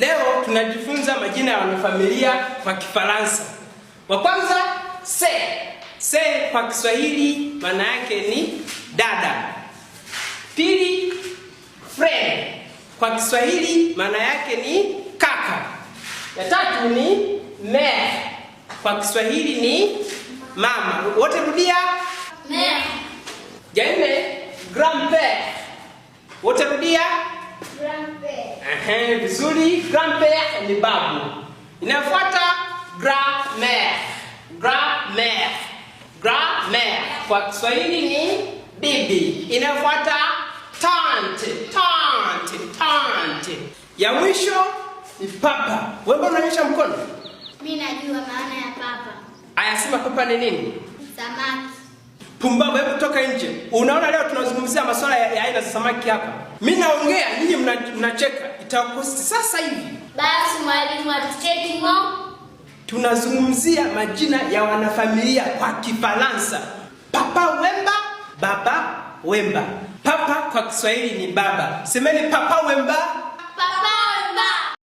Leo tunajifunza majina ya wanafamilia kwa Kifaransa. Wa kwanza se. Se kwa Kiswahili maana yake ni dada. Pili, friend kwa Kiswahili maana yake ni kaka. Ya tatu ni mère kwa Kiswahili ni mama. Wote rudia mère. Ya nne grandpère. Wote rudia He, eh, vizuri. Grandpere ni babu. Inafuata grammaire. Grammaire. Grammaire kwa Kiswahili ni bibi. Inafuata tante. Tante, tante. Ya mwisho ni papa. Wewe mbona unanyosha mkono? Mimi najua maana ya papa. Ayasema papa ni nini? Samaki. Pumbavu, hebu toka nje. Unaona leo tunazungumzia masuala ya aina za samaki hapa. Mimi naongea, nyinyi mnacheka tutakusi sasa hivi. Basi mwalimu atucheki ng'o. Tunazungumzia majina ya wanafamilia kwa Kifaransa. Papa Wemba, baba Wemba. Papa kwa Kiswahili ni baba. Semeni Papa Wemba.